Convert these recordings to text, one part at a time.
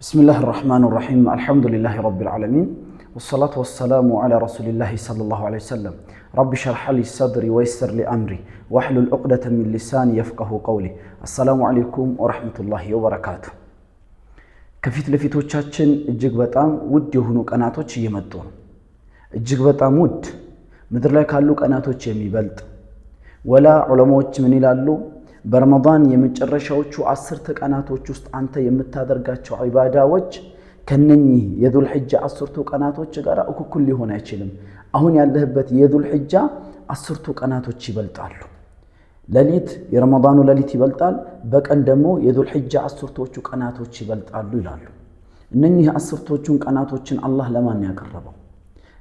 ብስምላህ ራሕማን ራሒም አልሐምዱሊላህ ረቢል ዓለሚን ወሰላቱ ወሰላሙ ዓላ ረሱሊላህ ሰለላሁ ዓለይሂ ወሰለም ረቢ ሸርሐ ሰድሪ ወይስር ሊ አምሪ ዋሕሉል ዑቅደተ ሚን ሊሳን የፍቀሁ ቀውሊ። አሰላሙ ዓለይኩም ወረሕመቱላሂ ወበረካቱ። ከፊት ለፊቶቻችን እጅግ በጣም ውድ የሆኑ ቀናቶች እየመጡ ነው። እጅግ በጣም ውድ ምድር ላይ ካሉ ቀናቶች የሚበልጥ ወላ ዑለማዎች ምን ይላሉ? በረመዳን የመጨረሻዎቹ አስርተ ቀናቶች ውስጥ አንተ የምታደርጋቸው ዒባዳዎች ከነኚህ የዙልሕጃ አስርቱ ቀናቶች ጋር እኩኩል ሊሆን አይችልም። አሁን ያለህበት የዙልሕጃ አስርቱ ቀናቶች ይበልጣሉ። ሌሊት የረመዳኑ ሌሊት ይበልጣል፣ በቀን ደግሞ የዙልሕጃ አስርቶቹ ቀናቶች ይበልጣሉ ይላሉ። እነኚህ አስርቶቹን ቀናቶችን አላህ ለማን ያቀረበው?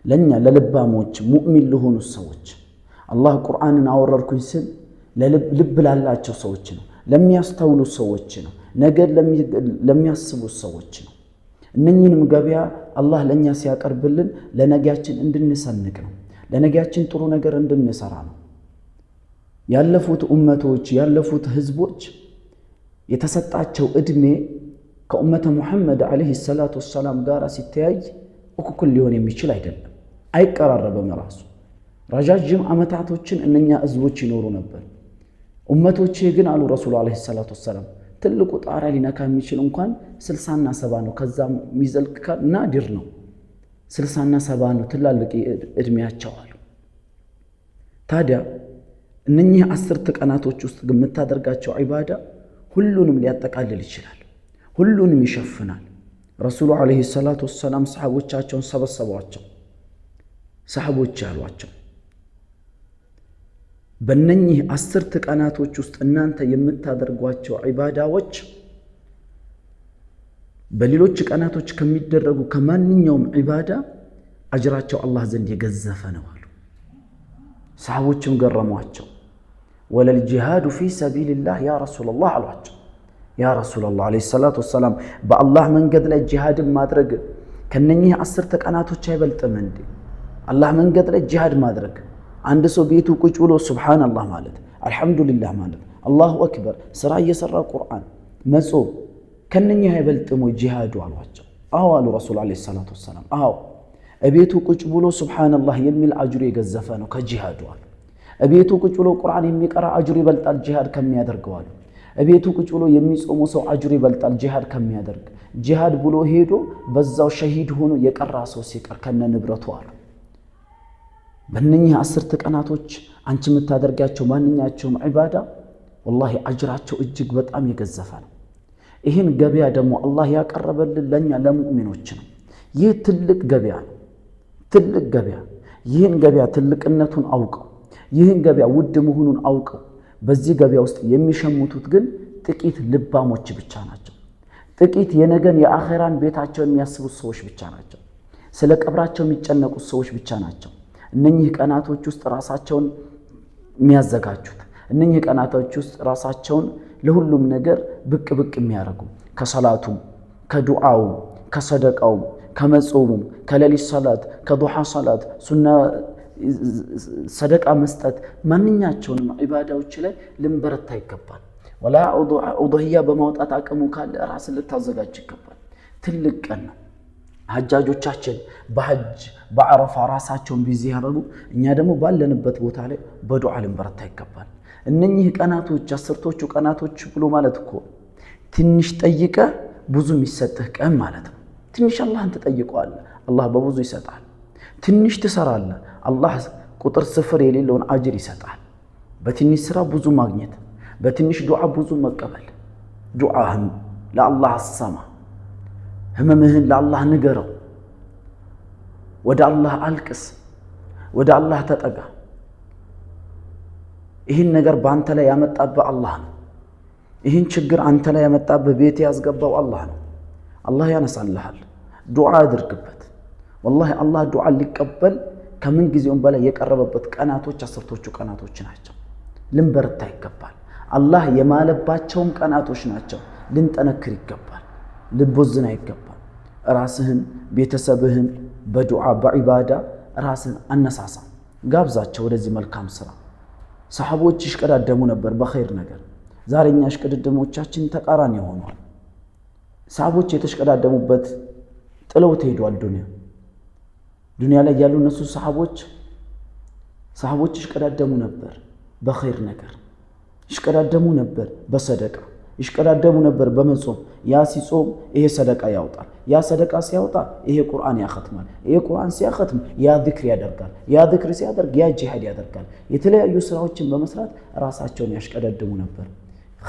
ለእኛ ለልባሞች ሙእሚን ለሆኑ ሰዎች። አላህ ቁርአንን አወረድኩኝ ስል ልብ ላላቸው ሰዎች ነው፣ ለሚያስተውሉ ሰዎች ነው፣ ነገር ለሚያስቡ ሰዎች ነው። እነኝንም ገበያ አላህ ለእኛ ሲያቀርብልን ለነጊያችን እንድንሰንቅ ነው፣ ለነጊያችን ጥሩ ነገር እንድንሰራ ነው። ያለፉት ኡመቶች ያለፉት ህዝቦች የተሰጣቸው እድሜ ከኡመተ ሙሐመድ ዓለይሂ ሰላቱ ወሰላም ጋር ሲተያይ እኩል ሊሆን የሚችል አይደለም። አይቀራረብም። ራሱ ረዣዥም ዓመታቶችን እነኛ ህዝቦች ይኖሩ ነበር። ኡመቶቼ ግን አሉ ረሱሉ ዓለይሂ ሰላቱ ወሰላም ትልቁ ጣሪያ ሊነካ የሚችል እንኳን ስልሳና ሰባ ነው። ከዛ የሚዘልቅ ናዲር ነው። ስልሳና ሰባ ነው ትላልቅ እድሜያቸው አሉ። ታዲያ እነኚህ አስርት ቀናቶች ውስጥ የምታደርጋቸው ዒባዳ ሁሉንም ሊያጠቃልል ይችላል። ሁሉንም ይሸፍናል። ረሱሉ ዓለይሂ ሰላቱ ወሰላም ሰሓቦቻቸውን ሰበሰቧቸው። ሰሓቦች ያሏቸው በነኚህ አስርት ቀናቶች ውስጥ እናንተ የምታደርጓቸው ዒባዳዎች በሌሎች ቀናቶች ከሚደረጉ ከማንኛውም ዒባዳ አጅራቸው አላህ ዘንድ የገዘፈ ነው አሉ። ሰሃቦችም ገረሟቸው። ወለል ጂሃዱ ፊ ሰቢልላህ ያ ረሱላላህ አሏቸው። ያ ረሱላላህ ዓለይሂ ሰላቱ ወሰላም በአላህ መንገድ ላይ ጂሃድን ማድረግ ከነኚህ አስርት ቀናቶች አይበልጥም እንዴ? አላህ መንገድ ላይ ጂሃድ ማድረግ አንድ ሰው ቤቱ ቁጭ ብሎ ሱብሓነላህ ማለት አልሐምዱሊላህ ማለት አላሁ አክበር ስራ እየሰራ ቁርአን መጾም ከነኛ አይበልጥም ወይ ጂሃዱ አሏቸው። አዎ አሉ ረሱል ዓለይሂ ሰላቱ ወሰላም። አዎ እቤቱ ቁጭ ብሎ ሱብሓነላህ የሚል አጅሩ የገዘፈ ነው ከጂሃዱ አሉ። እቤቱ ቁጭ ብሎ ቁርአን የሚቀራ አጅሩ ይበልጣል ጂሃድ ከሚያደርገው አሉ። እቤቱ ቁጭ ብሎ የሚጾሙ ሰው አጅሩ ይበልጣል ጂሃድ ከሚያደርግ ጂሃድ ብሎ ሄዶ በዛው ሸሂድ ሆኖ የቀራ ሰው ሲቀር ከነ ንብረቱ አሉ በእነኚህ አስርት ቀናቶች አንቺ የምታደርጋቸው ማንኛቸውም ዒባዳ ወላሂ አጅራቸው እጅግ በጣም የገዘፈ ነው። ይህን ገበያ ደግሞ አላህ ያቀረበልን ለእኛ ለሙእሚኖች ነው። ይህ ትልቅ ገበያ ነው። ትልቅ ገበያ ይህን ገበያ ትልቅነቱን አውቀው ይህን ገበያ ውድ መሆኑን አውቀው በዚህ ገበያ ውስጥ የሚሸምቱት ግን ጥቂት ልባሞች ብቻ ናቸው። ጥቂት የነገን የአኼራን ቤታቸው የሚያስቡት ሰዎች ብቻ ናቸው። ስለ ቀብራቸው የሚጨነቁት ሰዎች ብቻ ናቸው። እነኚህ ቀናቶች ውስጥ ራሳቸውን የሚያዘጋጁት እነኚህ ቀናቶች ውስጥ ራሳቸውን ለሁሉም ነገር ብቅ ብቅ የሚያደርጉ ከሰላቱም፣ ከዱዓውም፣ ከሰደቃውም፣ ከመጾሙም፣ ከሌሊት ሰላት፣ ከዱሓ ሰላት፣ ሱና ሰደቃ መስጠት፣ ማንኛቸውንም ዒባዳዎች ላይ ልንበረታ ይገባል። ወላ ኡድህያ በማውጣት አቅሙ ካለ ራስን ልታዘጋጅ ይገባል። ትልቅ ቀን ነው። ሀጃጆቻችን በሀጅ በአረፋ ራሳቸውን ቢዚ ያደረጉ፣ እኛ ደግሞ ባለንበት ቦታ ላይ በዱዓ ልንበረታ ይገባል። እነኚህ ቀናቶች አስርቶቹ ቀናቶች ብሎ ማለት እኮ ትንሽ ጠይቀ ብዙ የሚሰጥህ ቀን ማለት ነው። ትንሽ አላህን ትጠይቀዋለ፣ አላህ በብዙ ይሰጣል። ትንሽ ትሰራለ አላህ ቁጥር ስፍር የሌለውን አጅር ይሰጣል። በትንሽ ስራ ብዙ ማግኘት፣ በትንሽ ዱዓ ብዙ መቀበል። ዱዓህም ለአላህ አሰማ ህመምህን ለአላህ ንገረው። ወደ አላህ አልቅስ፣ ወደ አላህ ተጠጋ። ይህን ነገር በአንተ ላይ ያመጣብህ አላህ ነው። ይህን ችግር አንተ ላይ ያመጣብህ ቤት ያስገባው አላህ ነው። አላህ ያነሳልሃል። ዱዓ አድርግበት። ወላሂ አላህ ዱዓ ሊቀበል ከምን ጊዜውም በላይ የቀረበበት ቀናቶች አስርቶቹ ቀናቶች ናቸው። ልንበረታ ይገባል። አላህ የማለባቸውም ቀናቶች ናቸው። ልንጠነክር ይገባል። ልቦዝን አይገባም። ራስህን ቤተሰብህን በዱዓ በዒባዳ ራስህን አነሳሳ፣ ጋብዛቸው ወደዚህ መልካም ስራ። ሰሓቦች ይሽቀዳደሙ ነበር በኸይር ነገር። ዛሬኛ እሽቅድድሞቻችን ተቃራኒ ሆኗል። ሰሓቦች የተሽቀዳደሙበት ጥለው ተሄዷል። ዱኒያ ዱኒያ ላይ ያሉ እነሱ ሰሓቦች ሰሓቦች ይሽቀዳደሙ ነበር በኸይር ነገር፣ ይሽቀዳደሙ ነበር በሰደቃ ይሽቀዳደሙ ነበር በመጾም ያ ሲጾም ይሄ ሰደቃ ያወጣል። ያ ሰደቃ ሲያወጣ ይሄ ቁርአን ያኸትማል። ይሄ ቁርአን ሲያኸትም ያ ዚክር ያደርጋል። ያ ዚክር ሲያደርግ ያ ጂሃድ ያደርጋል። የተለያዩ ስራዎችን በመስራት ራሳቸውን ያሽቀዳደሙ ነበር።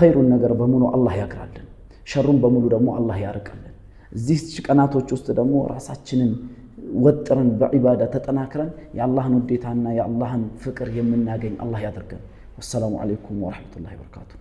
ኸይሩን ነገር በሙሉ አላህ ያግራልን፣ ሸሩን በሙሉ ደግሞ አላህ ያርቀልን እዚህ ቀናቶች ውስጥ ደግሞ ራሳችንን ወጥረን በዒባዳ ተጠናክረን የአላህን ውዴታና የአላህን ፍቅር የምናገኝ አላህ ያደርገን። ወሰላሙ አለይኩም ወረሕመቱላሂ ወበረካቱ።